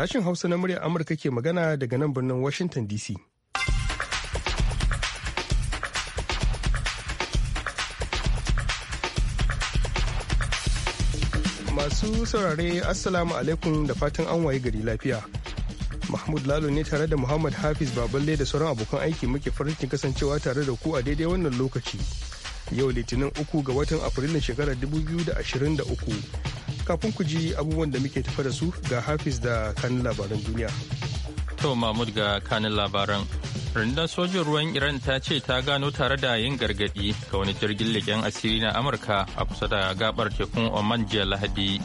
Sashen Hausa na muryar Amurka ke magana daga nan birnin Washington DC. Masu saurare Assalamu alaikum da fatan an waye gari lafiya. Mahmud Lalo ne tare da Muhammad Hafiz Baballe da sauran abokan aiki muke farin kasancewa tare da ku a daidai wannan lokaci. Yau Litinin uku ga watan Afrilun shekarar 2023. kafin ku ji abubuwan da muke tafa da su ga hafiz da kanin labaran duniya. To Mahmud ga kanin labaran. Rundunar sojin ruwan Iran ta ce ta gano tare da yin gargaɗi ga wani jirgin leƙen asiri na Amurka a kusa da gabar tekun Oman jiya Lahadi.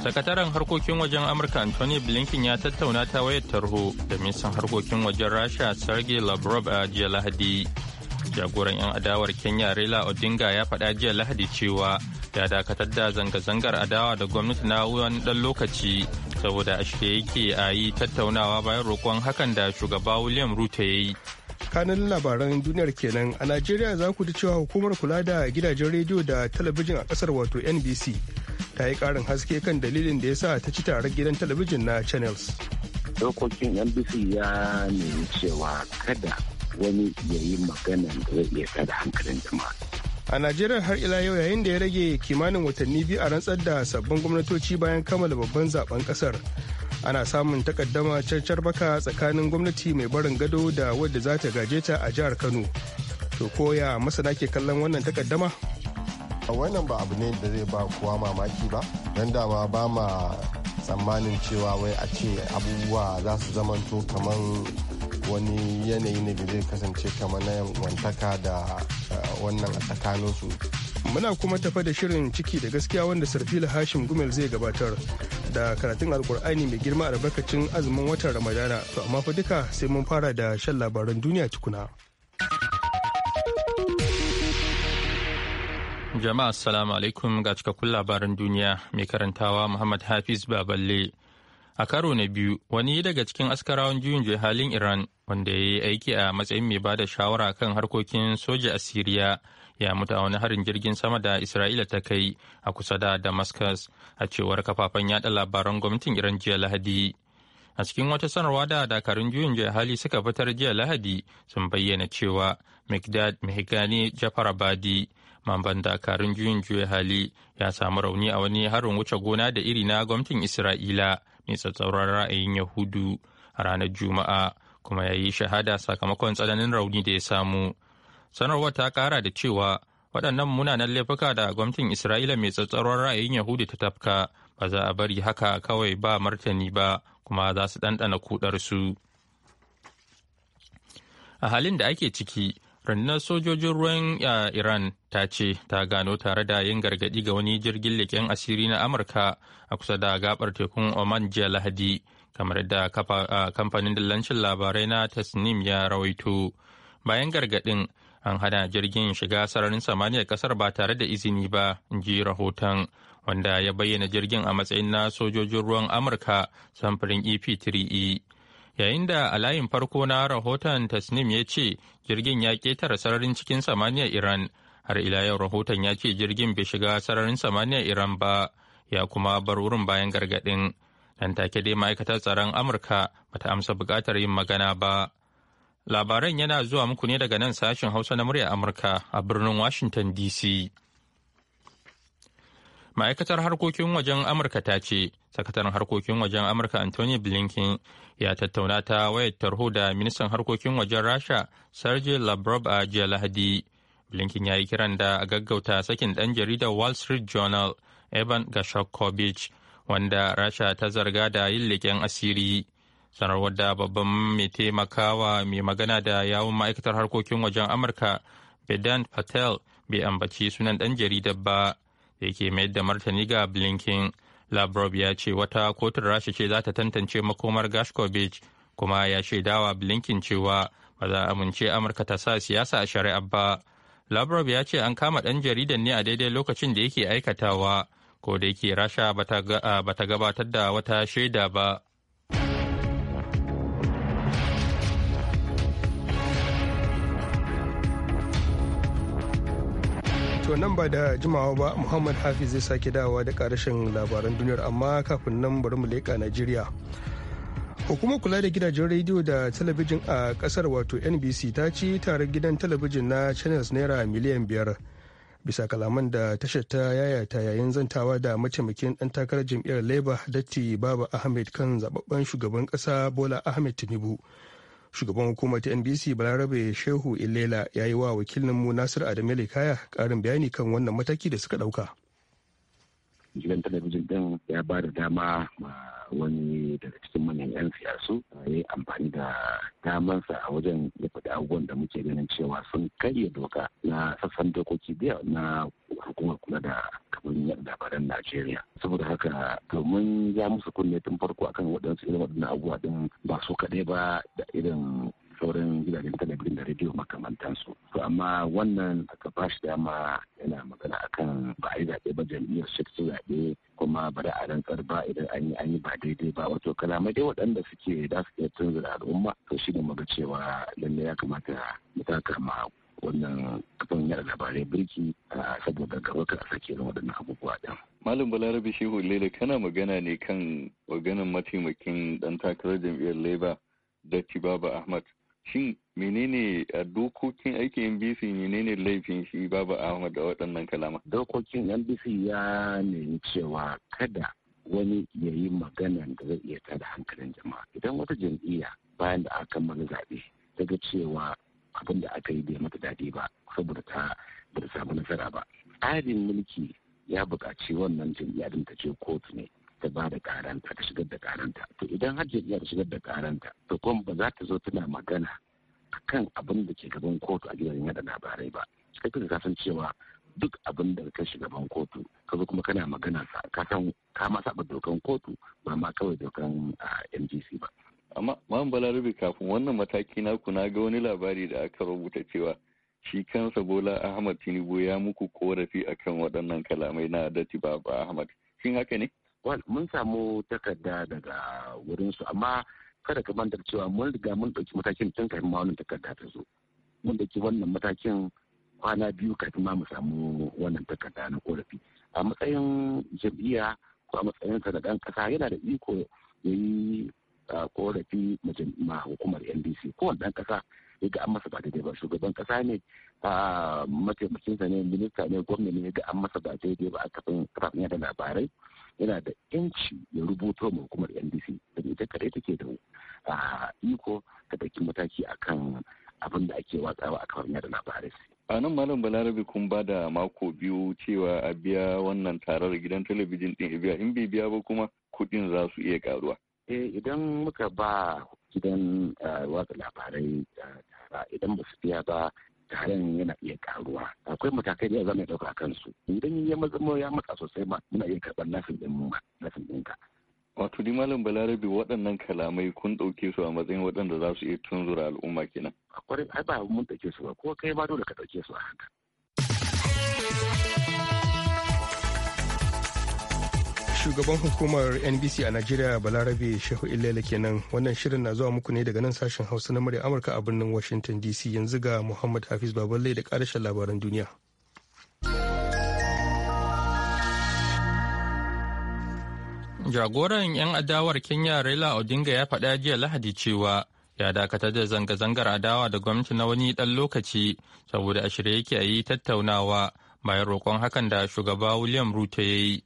Sakataren harkokin wajen Amurka Anthony Blinken ya tattauna ta wayar tarho da ministan harkokin wajen Rasha Sergey Lavrov a jiya Lahadi. Jagoran 'yan adawar Kenya Raila Odinga ya faɗa jiya Lahadi cewa ya dakatar da zanga-zangar adawa da gwamnati na wani dan lokaci saboda a shirye yake a yi tattaunawa bayan roƙon hakan da shugaba william ruto ya yi kanan labaran duniyar kenan a najeriya za ku ji cewa hukumar kula da gidajen rediyo da talabijin a kasar wato nbc ta yi karin haske kan dalilin da ya sa ta ci tare gidan talabijin na channels dokokin nbc ya nemi cewa kada wani ya yi magana da zai iya hankalin jama'a a najeriya har ila yau yayin da ya rage kimanin watanni biyu a rantsar da sabbin gwamnatoci bayan kammala babban zaben kasar ana samun takaddama cancar baka tsakanin gwamnati mai barin gado da wadda za ta gaje ta a jihar kano to koya masana ke kallon wannan takaddama wannan ba abu ne da zai ba kowa mamaki ba don dama ba ma tsammanin cewa wai a ce abubuwa za su zamanto kamar wani yanayi ne da zai kasance kamar na wantaka da eh, wannan a tsakaninsu muna kuma tafa da shirin ciki da gaskiya wanda sarfila hashim gumel zai gabatar da karatun alkur'ani mai girma a albarkacin azumin watan ramadana to amma fa duka sai mun fara da shan labaran duniya tukuna jama'a assalamu alaikum ga cikakkun labaran duniya mai karantawa muhammad hafiz baballe A karo na biyu, wani daga cikin askarawan juyin halin Iran wanda ya yi aiki a matsayin mai bada shawara kan harkokin soja a Siriya ya mutu a wani harin jirgin sama da Isra'ila ta kai a kusa da Damascus a cewar kafafen yada labaran gwamnatin Iran jiya Lahadi. A cikin wata sanarwa da dakarun juyin hali suka fitar jiya Lahadi sun bayyana cewa Mikdad Mihgani Jafarabadi mamban dakarun juyin juya hali ya samu rauni a wani harin wuce gona da iri na gwamnatin Isra'ila mai tsatsauran ra'ayin yahudu a ranar juma'a kuma ya yi shahada sakamakon tsananin rauni da ya samu sanarwar ta kara da cewa waɗannan munanan laifuka da gwamnatin isra'ila mai tsatsauran ra'ayin yahudu ta tafka ba za a bari haka kawai ba martani ba kuma za su ɗanɗana kudarsu a halin da ake ciki rundunar sojojin ruwan iran ta ce ta gano tare da yin gargaɗi ga wani jirgin leƙen asiri na amurka a kusa da gabar tekun oman jiya lahadi kamar da kamfanin dillancin labarai na tasnim ya rawaito bayan gargaɗin an hana jirgin shiga sararin samaniyar kasar ba tare da izini ba in ji rahoton wanda ya bayyana jirgin a matsayin na sojojin ruwan amurka samfurin ep 3e yayin da a layin farko na rahoton tasnim ya ce jirgin ya ketare sararin cikin samaniya iran har ila yau rahoton ya ce jirgin bai shiga sararin samaniya iran ba ya kuma bar wurin bayan gargadin nan take dai ma'aikatar tsaron amurka bata amsa bukatar yin magana ba labaran yana zuwa muku ne daga nan sashen hausa na murya amurka a birnin washington dc ma'aikatar harkokin wajen amurka ta ce sakataren harkokin wajen amurka anthony blinken ya tattauna ta wayar tarho da ministan harkokin wajen rasha sergey lavrov a jiya lahadi blinken ya yi kiran da a gaggauta sakin dan jaridar wall street journal evan gashakovich wanda rasha ta zarga da yin leƙen asiri sanarwar da babban mai taimakawa mai magana da yawun ma'aikatar harkokin wajen amurka bedan patel bai ambaci sunan dan jaridar ba da yake mayar da martani ga blinken labrov ya ce wata kotun rasha ce za ta tantance makomar gashkovich kuma ya shaidawa blinken cewa ba za amince amurka ta sa siyasa a shari'a ba labrov ya ce an kama ɗan jaridan ne a daidai lokacin da yake aikatawa ko da yake rasha ba ta gabatar da wata shaida ba To nan ba da jimawa ba Muhammad Hafiz zai sake dawowa da karashin labaran duniyar amma kafin nan bari mu leƙa Najeriya. Hukumar kula da gidajen rediyo da talabijin a kasar wato NBC ta ci tare gidan talabijin na channels naira miliyan biyar. Bisa kalaman da tashar ta yayata yayin zantawa da mataimakin ɗan takarar jam'iyyar Labour Datti Baba Ahmed kan zababben shugaban ƙasa Bola Ahmed Tinubu. shugaban hukumar ta nbc balarabe shehu ilela ya yi wa wakilin mu nasir adam kaya karin bayani kan wannan mataki da suka dauka gidan talabijin din ya ba da dama ma wani daga cikin manyan 'yan siyasu eh, a yi amfani da damansa a wajen ya faɗi abubuwan da muke ganin cewa sun karya doka na sassan dokoki biya na hukumar kula da kamar yadda labaran Najeriya. Saboda haka domin ya musu kunne tun farko akan waɗansu irin waɗannan abubuwa din ba su kaɗai ba da irin sauran gidajen talabijin da rediyo makamantansu to amma wannan aka ba shi dama yana magana akan ba a yi zaɓe ba jam'iyyar shi zaɓe kuma ba da a ba idan an yi an yi ba daidai ba wato kalamai dai waɗanda suke da su iya tunzura al'umma to shi ne muga cewa lallai ya kamata mu taka ma wannan kafin yada labarai birki saboda gaba ka sake irin waɗannan abubuwa ɗin. Malam Balarabe Shehu Lele kana magana ne kan maganan mataimakin ɗan takarar jam'iyyar Labour Datti Baba Ahmad shin menene a eh, dokokin aikin NBC menene laifin shi babu Ahmad da waɗannan kalama? Dokokin NBC ya nemi cewa kada wani ya yi magana da zai iya tada hankalin jama'a. Idan wata jam'iyya bayan da aka mana zaɓe daga cewa abin da aka yi bai mata daɗi ba saboda ta ba samu nasara ba. Tsarin mulki ya buƙaci wannan jam'iyya din ta je kotu ne ta ba da karanta ta shigar da karanta to idan har jam'iyya ta shigar da karanta to kuma ba za ta zo tana magana kan abin da ke gaban kotu a gidan yada labarai ba kai ka san cewa duk abin da ka shiga gaban kotu ka zo kuma kana magana ka san ka ma saba dokan kotu ba ma kawai dokan MGC ba amma man balarabe kafin wannan mataki na ku na ga wani labari da aka rubuta cewa shi kansa Bola Ahmad Tinubu ya muku korafi akan waɗannan kalamai na Dati Baba Ahmad shin haka ne mun samu takarda daga wurinsu amma kada ka manta cewa mun riga mun ɗauki matakin tun kafin ma wannan takarda ta zo mun ɗauki wannan matakin kwana biyu kafin ma mu samu wannan takarda na korafi a matsayin jam'iyya ko a matsayin sa da ɗan ƙasa yana da iko ya yi korafi ma hukumar ndc ko wani ɗan ƙasa ya ga an masa ba daidai ba shugaban ƙasa ne mataimakinsa ne minista ne gwamna ne ya ga an masa ba daidai ba a kafin kafafen yada labarai yana da yanci ya rubuto ma hukumar ndc da ita kadai take da a iko ta ɗauki mataki akan abin da ake watsawa a kafar yada labarai a nan malam balarabe kun ba da mako biyu cewa a biya wannan tarar gidan talabijin din biya in bai biya ba kuma kuɗin za su iya karuwa eh idan muka ba gidan watsa labarai tara idan ba su biya ba kayan yana iya karuwa akwai matakai da za mu dauka a kansu idan ya mazamo ya matsa sosai ma muna iya karɓar nafin din mu lafin ɗinka wato ni malam Balarabi, waɗannan kalamai kun ɗauke su a matsayin waɗanda za su iya tunzura al'umma kenan akwai ai ba mun ɗauke su ba ko kai ba dole ka ɗauke su a haka shugaban hukumar nbc a najeriya balarabe shehu ilele kenan wannan shirin na zuwa muku ne daga nan sashen hausa na murya amurka a birnin washington dc yanzu ga muhammad hafiz baballe da karashen labaran duniya jagoran 'yan adawar kenya raila odinga ya faɗa jiya lahadi cewa ya dakatar da zanga-zangar adawa da gwamnati na wani ɗan lokaci saboda a shirye yake a yi tattaunawa bayan roƙon hakan da shugaba william ruto ya yi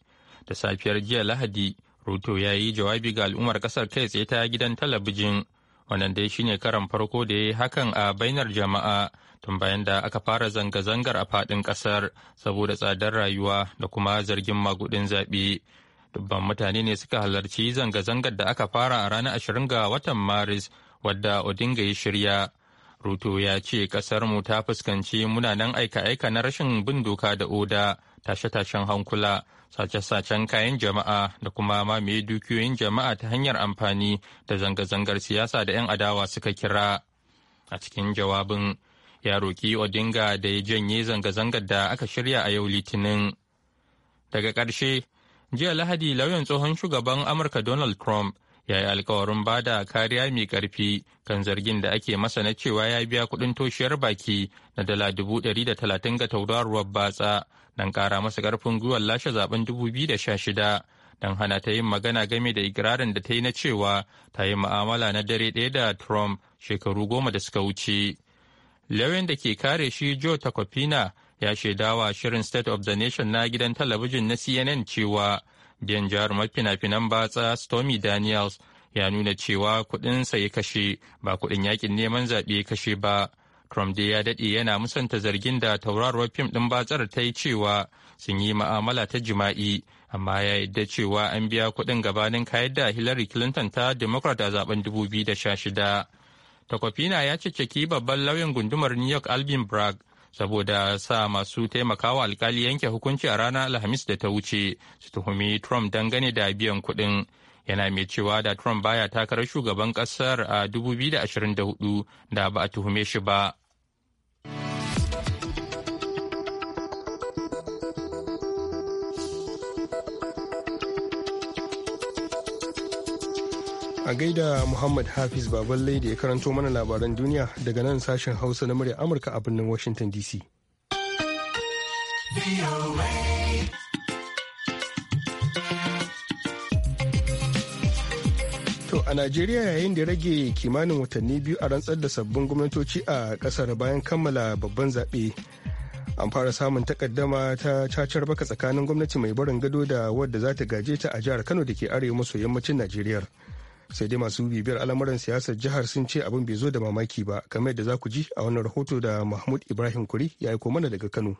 da safiyar jiya Lahadi, Ruto ya yi jawabi ga al'ummar kasar kai tsaye ta gidan talabijin. Wannan dai shine karan farko da ya yi hakan a bainar jama'a tun bayan da aka fara zanga-zangar a fadin ƙasar saboda tsadar rayuwa da kuma zargin magudin zaɓe. Dubban mutane ne suka halarci zanga-zangar da aka fara a ranar ashirin ga watan Maris wadda Odinga ya shirya. Ruto ya ce mu ta fuskanci munanan aika-aika na rashin bin doka da oda tashe-tashen hankula sace-sacen kayan jama'a da kuma mamaye dukiyoyin jama'a ta hanyar amfani da zanga-zangar siyasa da 'yan adawa suka kira a cikin jawabin ya roki odinga da ya janye zanga-zangar da aka shirya a yau litinin daga ƙarshe jiya lahadi lauyan tsohon shugaban amurka donald trump ya yi alkawarin ba da kariya mai karfi kan zargin da ake masa na cewa ya biya kuɗin toshiyar baki na dala dubu ɗari da talatin ga tauraruwar batsa don kara masa karfin gwiwar lashe zaben 2016 don hana ta yin magana game da ikirarin da ta yi na cewa ta yi ma'amala na dare ɗaya da Trump shekaru goma da suka wuce. Lewin da ke kare shi Joe Takopina ya shaidawa shirin State of the Nation na gidan talabijin na CNN cewa biyan jarumar fina-finan batsa Stormy Daniels ya nuna cewa sa ya kashe ba kudin yakin neman zaɓe ya kashe ba. Trump dai ya daɗe yana musanta zargin da tauraruwar fim ɗin batsar ta yi cewa sun yi ma'amala ta jima'i, amma ya yadda cewa an biya kuɗin gabanin kayan da Hillary Clinton ta Democrat a zaben 2016. Takwafina ya ceceki babban lauyan gundumar New York Alvin Bragg saboda sa masu taimakawa alkali yanke hukunci a ranar Alhamis da ta wuce su tuhumi Trump dangane da biyan kuɗin. yana mai cewa da Trump baya takarar shugaban kasar a 2024 da ba a tuhume shi ba. A gaida Muhammad Hafiz Baballe da ya karanto mana labaran duniya daga nan sashen Hausa na murya Amurka a birnin Washington DC. To a Najeriya yayin da rage kimanin watanni biyu a rantsar da sabbin gwamnatoci a kasar bayan kammala babban zaɓe. An fara samun takaddama ta cacar baka tsakanin gwamnati mai barin gado da wadda za ta gaje ta a jihar Kano da ke arewa maso yammacin Najeriya. sai dai masu bibiyar al'amuran siyasar jihar sun ce abin bai zo da mamaki ba kamar yadda za ku ji a wannan rahoto da mahmud ibrahim kuri ya aiko mana daga kano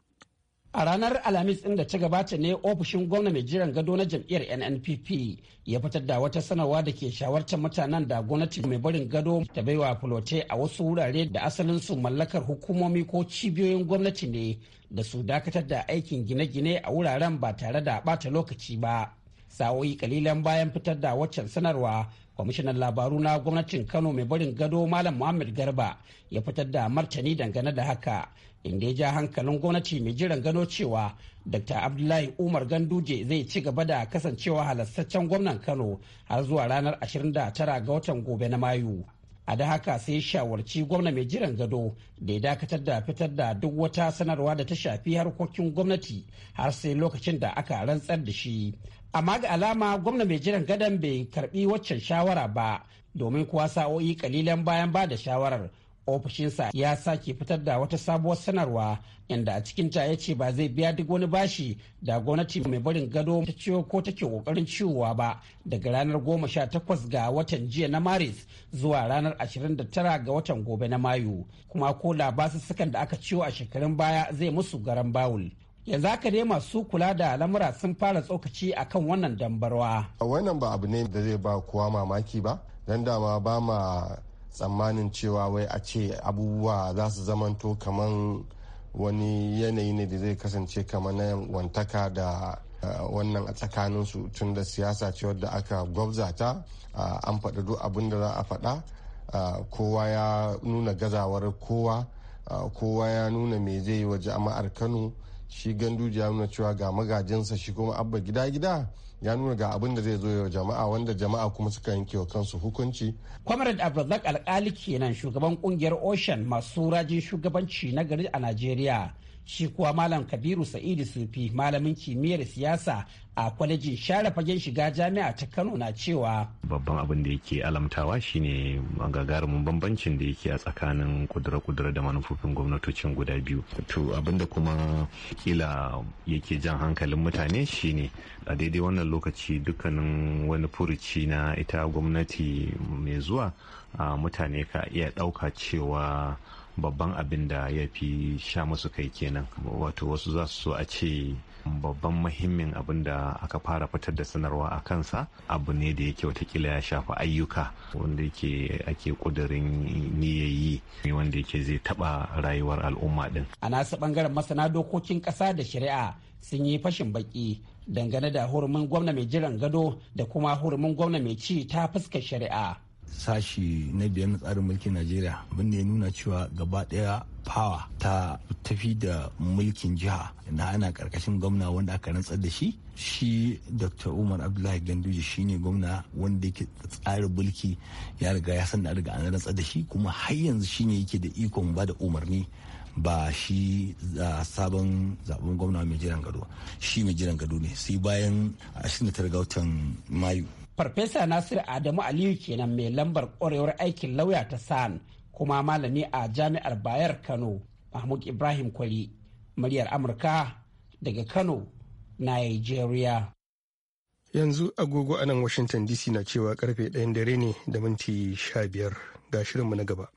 a ranar alhamis ɗin da ta gabata ne ofishin gwamna mai jiran gado na jam'iyyar nnpp ya fitar da wata sanarwa da ke shawartar mutanen da gwamnati mai barin gado ta baiwa fulote a wasu wurare da asalin su mallakar hukumomi ko cibiyoyin gwamnati ne da su dakatar da aikin gine-gine a wuraren ba tare da bata lokaci ba sa'o'i kalilan bayan fitar da waccan sanarwa kwamishinan labaru na gwamnatin kano mai barin gado malam muhammad garba ya fitar da martani dangane da haka inda ya ja hankalin gwamnati mai jiran gado cewa dr abdullahi umar ganduje zai ci gaba da kasancewa halastaccen gwamnan kano har zuwa ranar 29 ga watan gobe na mayu a da haka sai shawarci gwamna mai jiran gado da ya dakatar da fitar da duk wata sanarwa da ta shafi harkokin gwamnati har sai lokacin da aka rantsar da shi amma ga alama gwamna mai jiran gadon bai karbi waccan shawara ba domin kuwa sa'o'i kalilan bayan ba da shawarar ofishinsa ya sake fitar da wata sabuwar sanarwa inda a cikinta ya ce ba zai biya duk wani bashi da gwamnati mai barin gado ta ciwo ko take kokarin ciwowa ba daga ranar 18 ga watan jiya na maris zuwa ranar 29 ga watan gobe na mayu kuma ko sukan da aka ciwo a shekarun baya zai musu garan bawul yanzu haka dai masu kula da lamura sun fara tsokaci akan wannan dambarwa wannan ba abu ne da zai ba kowa mamaki ba don dama ba ma tsammanin cewa wai a ce abubuwa za su zamanto kamar wani yanayi ne da zai kasance kamar na wantaka da eh, wannan a su tun da siyasa ce wadda aka gwabzata an faɗi duk abin da za a faɗa kowa ya nuna gazawar kowa kowa ya nuna me zai yi wa jama'ar kano shi ganduji ya nuna cewa ga magajinsa shi kuma abba gida gida ya nuna ga abin da zai zo yau jama'a wanda jama'a kuma suka yanke wa kansu hukunci. comrade abdulrazak alkali kenan shugaban kungiyar ocean masu rajin shugabanci na gari a najeriya shi kuwa malam kabiru sa'idu sufi malamin kimiyyar siyasa a kwalejin share fagen shiga jami'a ta kano na cewa babban abin da yake alamtawa shine gagarumin bambancin da yake a tsakanin kudura-kudura da manufofin gwamnatocin guda biyu to abin da kuma kila yake jan hankalin mutane shine a daidai wannan lokaci dukkanin wani furuci na ita gwamnati mai zuwa mutane ka iya ɗauka cewa babban abin da ya fi sha musu kai kenan wato wasu za su so a ce babban muhimmin abin da aka fara fitar da sanarwa a kansa abu ne da ya yake watakila ya shafa ayyuka wanda yake ake kudurin niyayi wanda yake zai taba rayuwar al'umma din a nasu bangaren masana dokokin kasa da shari'a sun yi fashin baki dangane da hurumin gwamna mai jiran gado da kuma hurumin gwamna mai ci ta fuskar shari'a sashi na biyar na tsarin mulkin najeriya da ya nuna cewa gaba daya fawa ta tafi da mulkin jiha na ana karkashin gwamna wanda aka rantsar da shi shi dr umar abdullahi ganduje ne gwamna wanda yake tsarin mulki ya riga ya san da riga an rantsar da shi kuma har yanzu shi ne yake da ikon ba da umarni ba shi sabon zaben gwamna mai jiran gado shi mai jiran gado ne sai bayan 29 ga watan mayu Farfesa Nasir Adamu Aliyu kenan mai lambar ƙwarewar aikin lauya ta SAN kuma malami a Jami'ar Bayar Kano, Mahmud Ibrahim Kwali, muryar Amurka daga Kano, Nigeria. Yanzu agogo a nan Washington DC na cewa karfe ɗayan dare ne da minti 15, ga shirinmu na gaba.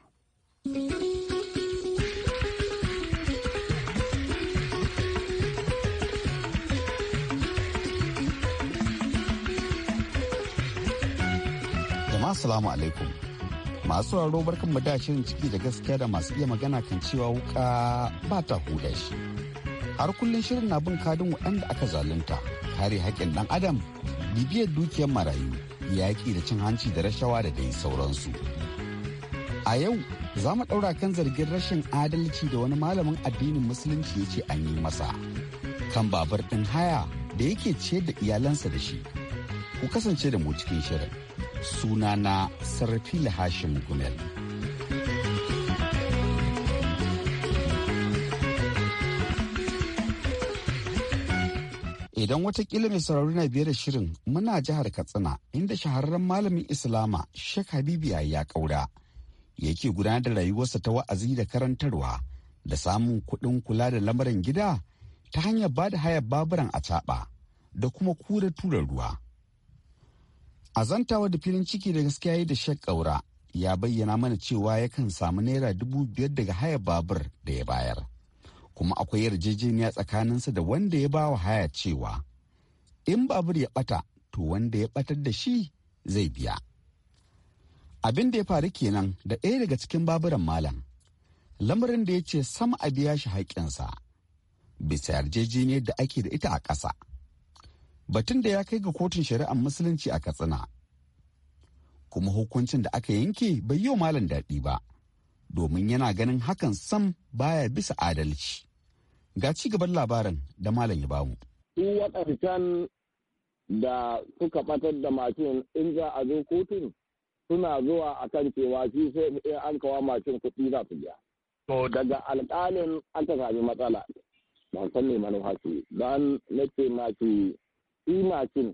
amma salamu alaikum masu raro barkan mu shirin ciki da gaskiya da masu iya magana kan cewa wuka ba ta huda shi har kullum shirin na bin kadin waɗanda aka zalunta kare haƙƙin ɗan adam bibiyar dukiyar marayu yaƙi da cin hanci da rashawa da dai sauransu a yau za mu ɗaura kan zargin rashin adalci da wani malamin addinin musulunci ya ce an yi masa kan babar ɗin haya da yake ciyar da iyalansa da shi ku kasance da mu cikin shirin suna sunana sarfila hashim gumel idan watakila mai sarari na biyar shirin muna jihar katsina inda shahararren malamin islama sheikh habibiya ya kaura yake gudanar da rayuwarsa ta wa'azi da karantarwa da samun kuɗin kula da lamarin gida ta hanyar bada da hayar baburan a da kuma kura tura ruwa Azantawa da filin ciki da gaskiya yi da Sheikh ƙaura ya bayyana mana cewa yakan samu naira dubu biyar daga haya babur da ya bayar. Kuma akwai yarjejeniya tsakaninsa da wanda ya bawa haya cewa in babur ya bata to wanda ya batar da shi zai biya. Abin da ya faru kenan da ɗaya daga cikin baburan malam. Lamarin da ya ce sama a biya shi haƙƙinsa. Bisa yarjejeniyar da ake da ita a ƙasa. batun da ya kai ga kotun shari'ar musulunci a katsina kuma hukuncin da aka yanke bai yi malam daɗi ba domin yana ganin hakan sam baya bisa adalci ga ci gaban labarin da malam ya bamu waɗancan da suka batar da mashin in za a zo kotun suna zuwa a kan cewa shi sai in an kawo mashin kuɗi za su biya daga alƙalin an ta sami matsala ban san ne manufa su don nake mashi kima cin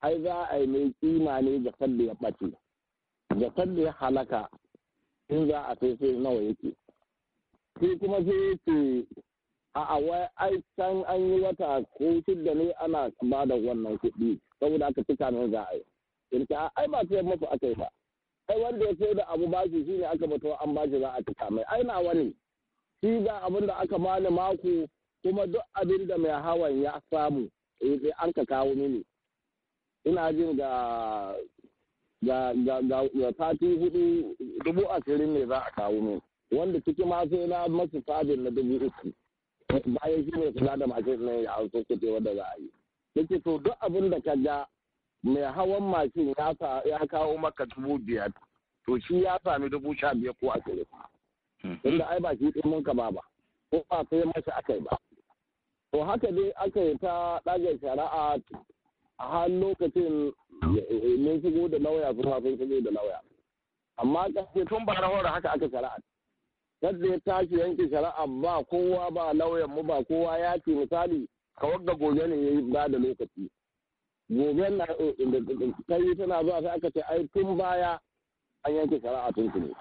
ai za a yi mai kima ne jakar da ya ɓace jakar da ya halaka in za a sai sai nawa yake sai kuma sai ce a awai ai can an yi wata ko shidda ne ana ba da wannan kuɗi saboda aka cika nan za a yi in ka ai ba sai masu aka yi ba ai wanda ya sai da abu ba shi shine aka bato an ba shi za a cika mai ai na wani shi ga abin da aka bani mako kuma duk abin da mai hawan ya samu Eh, sai an ka kawo mini ina jin ga ga ga ga hudu dubu ashirin ne za a kawo mini wanda ciki ma sai na masu sabin na dubu uku bayan shi ne kula da mashin ne ya hausa kuce wanda za a yi yake so duk abin da ka ga mai hawan mashin ya kawo maka dubu biyar to shi ya sami dubu sha biyar ko ashirin Inda hmm. ai ba shi ɗin ka ba ba ko ba sai masa yi ba to haka dai aka yi ta ɗaga shari'a a har lokacin mun shigo da lauya su sun shigo da lauya amma ƙarfe tun ba rahora haka aka shari'a yadda ya tashi yanke shari'a ba kowa ba lauyan mu ba kowa ya ce misali ka wadda gobe ne ya yi ba da lokaci gobe na eh, eh, ta yi tana zuwa sai aka ce ai tun baya an yanke shari'a tun ne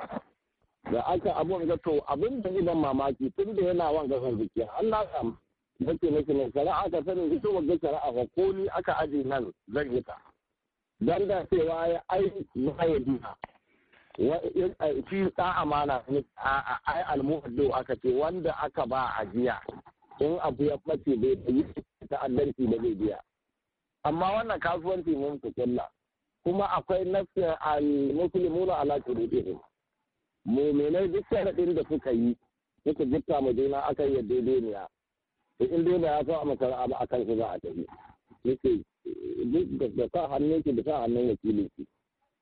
da aka abun ga to abin da idan mamaki tun da yana wanga zan zuciya Allah samu nake nake ne shari'a ta sani ita wagga shari'a ba ko ni aka aje nan zan yi ta dan da cewa ya ai wa in a fi ta amana ne ai almuhaddo aka ce wanda aka ba ajiya in abu ya bace bai yi ta'addanci da zai biya amma wannan kasuwanci mun kulla kuma akwai nafsin al-muslimuna ala qulubihim menai duk sai da suka yi suka jitta mu juna akan yadda duniya in dai ba ya kawo makara ba akan shi za a tafi yake da sa hannun ki da sa hannun wakilin ki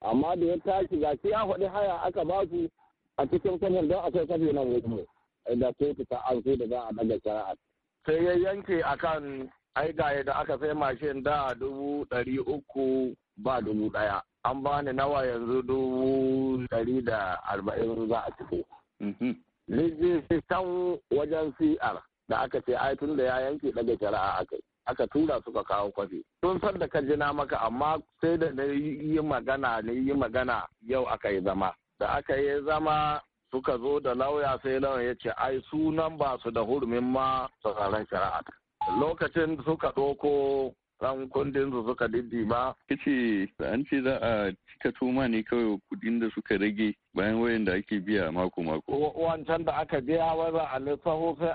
amma da ya tashi ga ya faɗi haya aka ba su a cikin kanyar don a kai kafin nan wajen da sai ta an da za a daga shari'a sai ya yanke akan aigaye da aka sai mashin da dubu ɗari uku ba dubu ɗaya an ba ni nawa yanzu dubu ɗari da arba'in za a ciko. Mhm. Nije can wajen CR da aka ce ai tun da ya yanke daga shari'a aka aka tura suka kawo kwafi tun san da ka jina maka amma sai da na yi magana na yi magana yau aka yi zama da aka yi zama suka zo da lauya sai lauya ya ce ai sunan ba su da hurumin ma sauraron shari'a lokacin suka doko samun kundin yanzu suka diddima. Kace an ce za a cika tuma ne kawai kudin da suka rage bayan wayan da ake biya mako-mako. Wancan da aka biya za a lissaho sai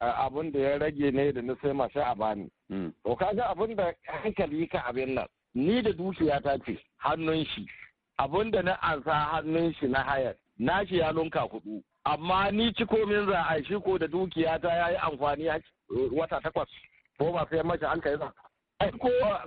a abin da ya rage ne da na sai mashi a bani. Hmm. To kaga abin da hankali ka abin nan. Ni da dukiya ta ce hannun shi. Abin da na ansa hannun shi na hayar. Na shi ya lunka kudu. Amma ni ci komin za a shi ko da dukiya ta ya yi amfani eh, wata takwas. Ko ba sai mace an kai za. ai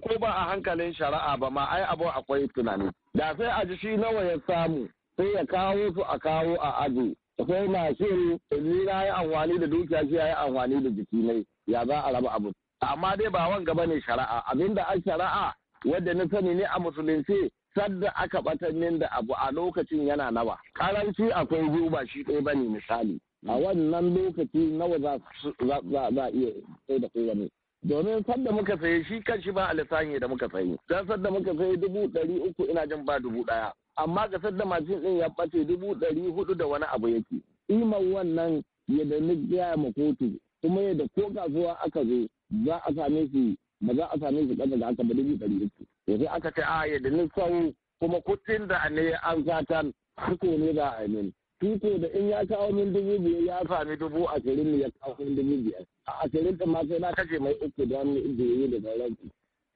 ko ba a hankalin shari'a ba ma ai abu akwai tunani da sai a ji shi nawa ya samu sai ya kawo su a kawo a aji sai na shiru ni na yi amfani da dukiya shi ya yi amfani da jiki ne ya za a raba abu amma dai ba wanga bane shari'a abinda a shari'a wanda na sani ne a musulunci sadda aka batannin da abu a lokacin yana nawa karanci akwai zuba shi ɗaya bane misali a wannan lokaci nawa za a iya sai da kowane domin sanda muka saye shi kan shi ba a lissafi da muka saye don sanda muka saye dubu ɗari uku ina jin ba dubu ɗaya amma ga sanda mashin ɗin ya ɓace dubu ɗari hudu da wani abu yake imar wannan ya da gaya ma kotu kuma da ko kasuwa aka zo za a same shi ba za a same su ƙasa da aka ba dubu ɗari uku sai aka ce a da ni sau kuma kutin da ne an satan harko ne da amin tuko da in ya kawo min dubu biyar ya sami dubu ashirin ne ya kawo min dubu biyar a ashirin ɗin ma sai na kashe mai uku da wani ibiyoyi da su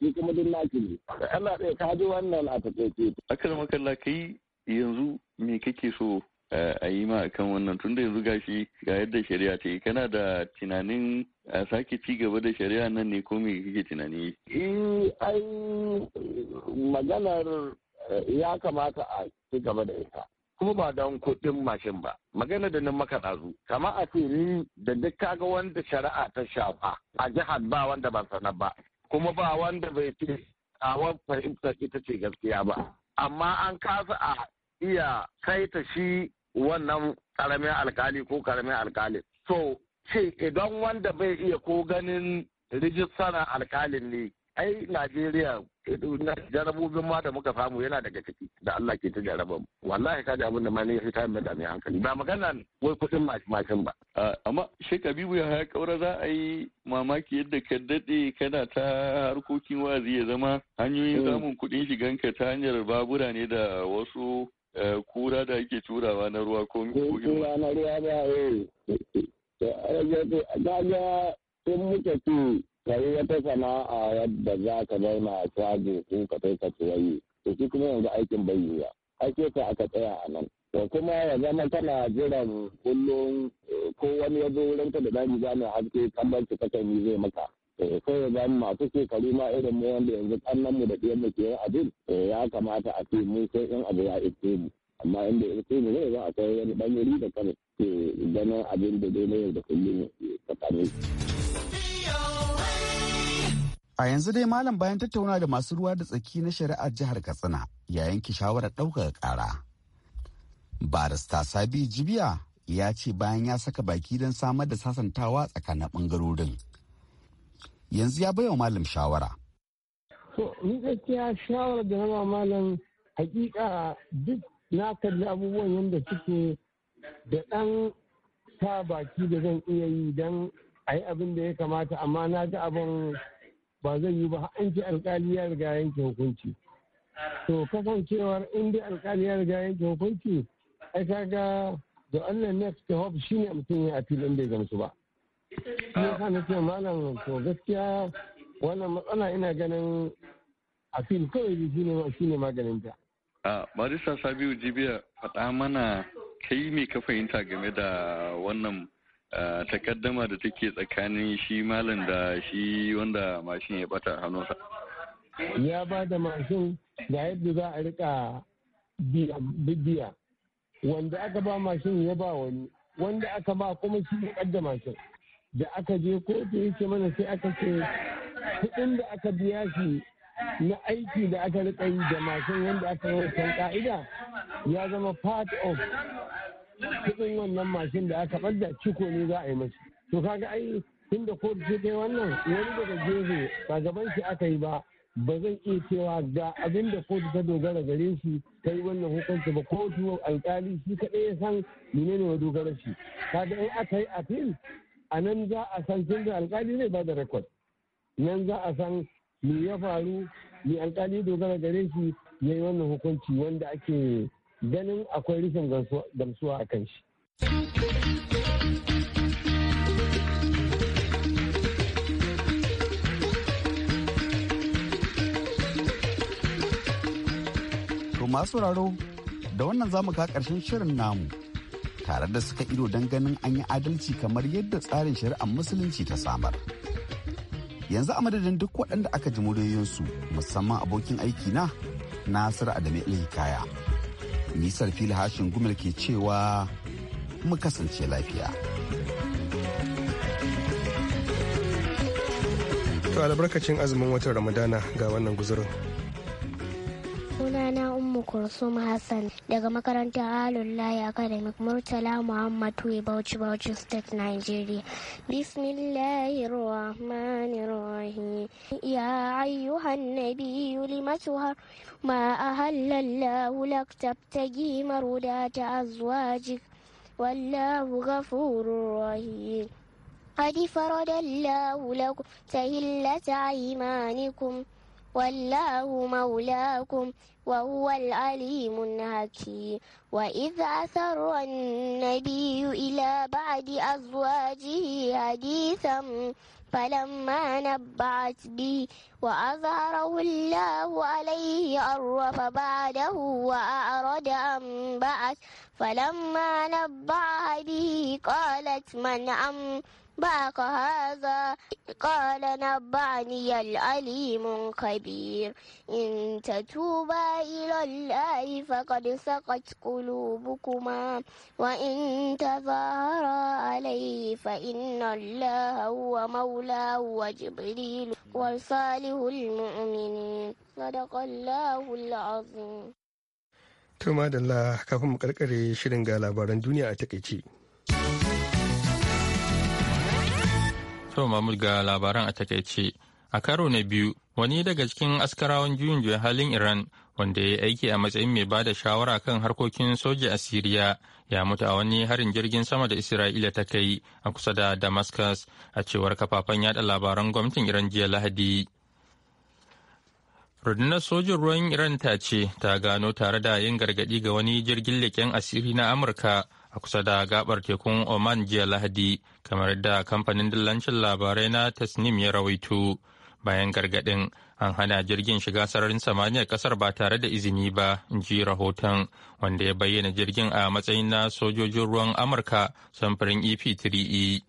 ni kuma duk naki ne Allah ɗaya ka ji wannan a takaice. akal makalla kai yanzu me kake so eh, a yi ma kan wannan tunda yanzu gashi ga yadda shari'a ce kana da tunanin a sake ci gaba da shari'a nan ne ko me kake tunani? Eh ai maganar eh, ya kamata a ci gaba da ita kuma ba don kuɗin mashin ba magana da nan maka ɗazu kama a ce ni da duk kaga wanda shari'a ta shafa a jihar ba wanda ban sana ba kuma ba wanda bai ce a wani fahimtar ita ce gaskiya ba amma an kasa a iya saita shi wannan karamin alkali ko karamin alkali so ce idan wanda bai iya ko ganin rijistaran alkalin ne ai Najeriya jarabobin ma da muka samu yana daga ciki da Allah ke ta jaraba wallahi ka ji abin da mani ya fita mai da hankali ba magana wai kudin mashin ba amma shi bibu ya haya kaura za a yi mamaki yadda ka daɗe kana ta harkokin wazi ya zama hanyoyin hmm. samun kudin shiganka ta hanyar babura ne da wasu eh, kura da ake turawa na ruwa ko kura na ruwa ba eh ga muka ce kai wata sana'a yadda za ka zauna shago ko ka kai ka ciyayi to shi kuma yanzu aikin bai ake sa aka tsaya a nan to kuma ya zama kana jiran kullum eh, ko wani ya zo ka da zamu zana haske kamar ki yi zai maka eh, sai ya zama masu shekaru ma irin mu wanda yanzu kannan mu da ɗiyan mu ke abin eh, ya kamata a ce mu sai in abu ya iske mu amma inda ya ce mu zai za a kai wani bangare da kan ke ganin abin da dai na yau da kullum tsakanin. A yanzu dai malam bayan tattauna da masu ruwa da tsaki na shari'ar jihar Katsina ya yanke shawarar ɗaukar ƙara. Barista Sabi Jibiya ya ce bayan ya saka baki don samar da sasantawa tsakanin ɓangarorin. Yanzu ya baiwa malam shawara. To, ni gaskiya shawarar da nama malam hakika duk na kalli abubuwan yadda suke da ɗan sa baki da zan iya yi don a yi abin da ya kamata amma na ji abin ba zai yi ba an ce alkali ya riga yanke hukunci to kasancewar in dai alkali ya riga yanke hukunci ai kaga da Allah next to hope shine mutum ya filin bai gamsu ba ne ka na ce malam to gaskiya wannan matsala ina ganin afil kawai shine shine maganin ta a barista sabiu jibiya faɗa mana kai me ka fahimta game da wannan takaddama da take tsakanin shi malam da shi wanda mashin ya bata hannunsa. Ya ba da mashin ga yadda za a rika bibiya wanda aka ba mashin ya ba wani wanda aka ba kuma shi ya da mashin da aka je kotu yi ke mana sai aka ce kuɗin da aka biya shi na aiki da aka rika yi da mashin wanda aka yi ka'ida ya zama part of cikin wannan mashin da aka ɓadda ciko ne za a yi masu to kaga ai tunda ko ce kai wannan wani daga gefe ba gaban shi aka yi ba ba zan iya cewa ga abin da kotu ta dogara gare shi ta yi wannan hukunci ba kotu alkali shi kaɗai ya san ne wa dogara shi kaga in aka yi appeal a nan za a san tun da alkali zai bada rekod nan za a san me ya faru me alkali dogara gare shi ya yi wannan hukunci wanda ake ganin akwai rufin gamsuwa a kan shi. To masu raro da wannan zamu ka karshen shirin namu tare da suka ido don ganin an yi adalci kamar yadda tsarin shari'ar musulunci ta samar. Yanzu a madadin duk waɗanda aka ji muryoyinsu musamman abokin aiki na Nasiru Adamu Ilhikaya. Misar fili hashin gumel ke cewa mu kasance lafiya to albarkacin azumin watan ramadana ga wannan guzurin sunana ummu kursum hassan daga makarantar alullahi academic murtala muhammad we bauchi bauchi state nigeria Rahim. ya ayyuhan nabiyyu lima tuhar ma ahallallahu lak tabtagi marudata azwajik wallahu ghafurur rahim قد فرض الله لكم تهلة أيمانكم والله مولاكم وهو العليم الحكيم وإذ أثر النبي إلى بعد أزواجه حديثا فلما نبعت به وأظهره الله عليه أرف بعده وأعرض عن بعث فلما نبعها به قالت من أم بارك هذا قال نبعني العليم الخبير إن تتوبا إلى الله فقد سقت قلوبكما وإن تظاهرا عليه فإن الله هو مولاه وجبريل وصالح المؤمنين صدق الله العظيم. Tuma da kafin mu karkare shirin ga labaran duniya a takaice. To Mahmud ga labaran a takaice. A karo na biyu, wani daga cikin askarawan juyin juya halin Iran wanda ya aiki a matsayin mai ba da shawara kan harkokin soja a Siriya ya mutu a wani harin jirgin sama da Isra'ila ta kai a kusa da Damascus a cewar kafafen yada labaran gwamnatin Iran jiya Lahadi. Rundunar sojin ruwan Iran ta ce ta gano tare da yin gargaɗi ga wani jirgin leken asiri na Amurka a kusa da gabar tekun Oman jiya Lahadi, kamar da kamfanin dillancin labarai na Tasnim ya rawaito. Bayan gargadin an hana jirgin shiga sararin samaniyar kasar ba tare da izini ba, in ji rahoton wanda ya bayyana jirgin a matsayin na sojojin ruwan Amurka samfurin EP-3E. E.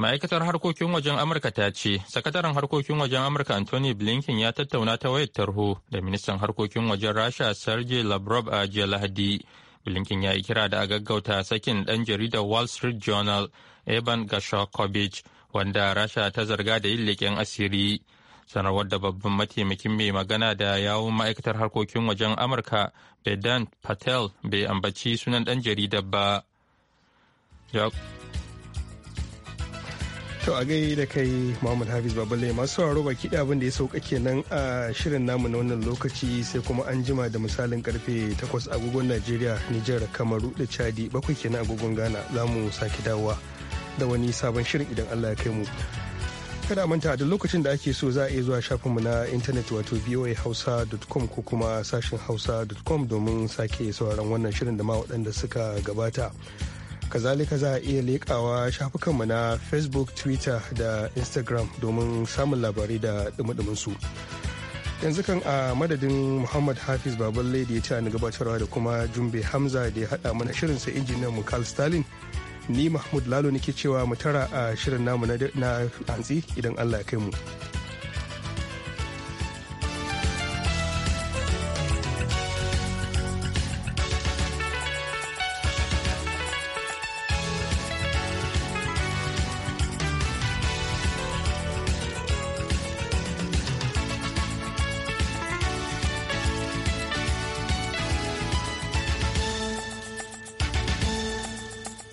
Ma'aikatar harkokin wajen Amurka ta ce, Sakataren harkokin wajen Amurka Anthony Blinken ya tattauna ta wayar tarho da ministan harkokin wajen Rasha sarge Lavrov a jiya Lahadi Blinken ya yi kira da a gaggauta sakin ɗan jaridar Wall Street Journal Evan Gashokovich wanda Rasha ta zarga da yin leƙen asiri. Sanarwar da babban mataimakin mai magana da yawun ma'aikatar harkokin wajen Amurka Bedan Patel bai ambaci sunan ɗan jaridar ba. To a gai da kai Muhammad Hafiz babalai masu sauraro baki da abin da ya sauka kenan a shirin namu na wannan lokaci sai kuma an jima da misalin karfe 8 agogon Najeriya, Nijar, Kamaru da Chadi bakwai kenan agogon Ghana za mu sake dawowa da wani sabon shirin idan Allah ya kai mu. Kada a manta da lokacin da ake so za a iya zuwa shafinmu na intanet wato voahausa.com ko kuma sashin hausa.com domin sake sauraron wannan shirin da ma waɗanda suka gabata. kazalika za a iya leƙawa shafukanmu na facebook twitter da instagram domin samun labarai da dumudumin su yanzu kan a madadin muhammad hafiz baballe laidi ya ci ni gabatarwa da kuma jumbe hamza da ya haɗa mana shirin sa injiniyan mu carl stalin ni mahmud lalo nake cewa mu tara a shirin namu na hantsi idan allah ya kai mu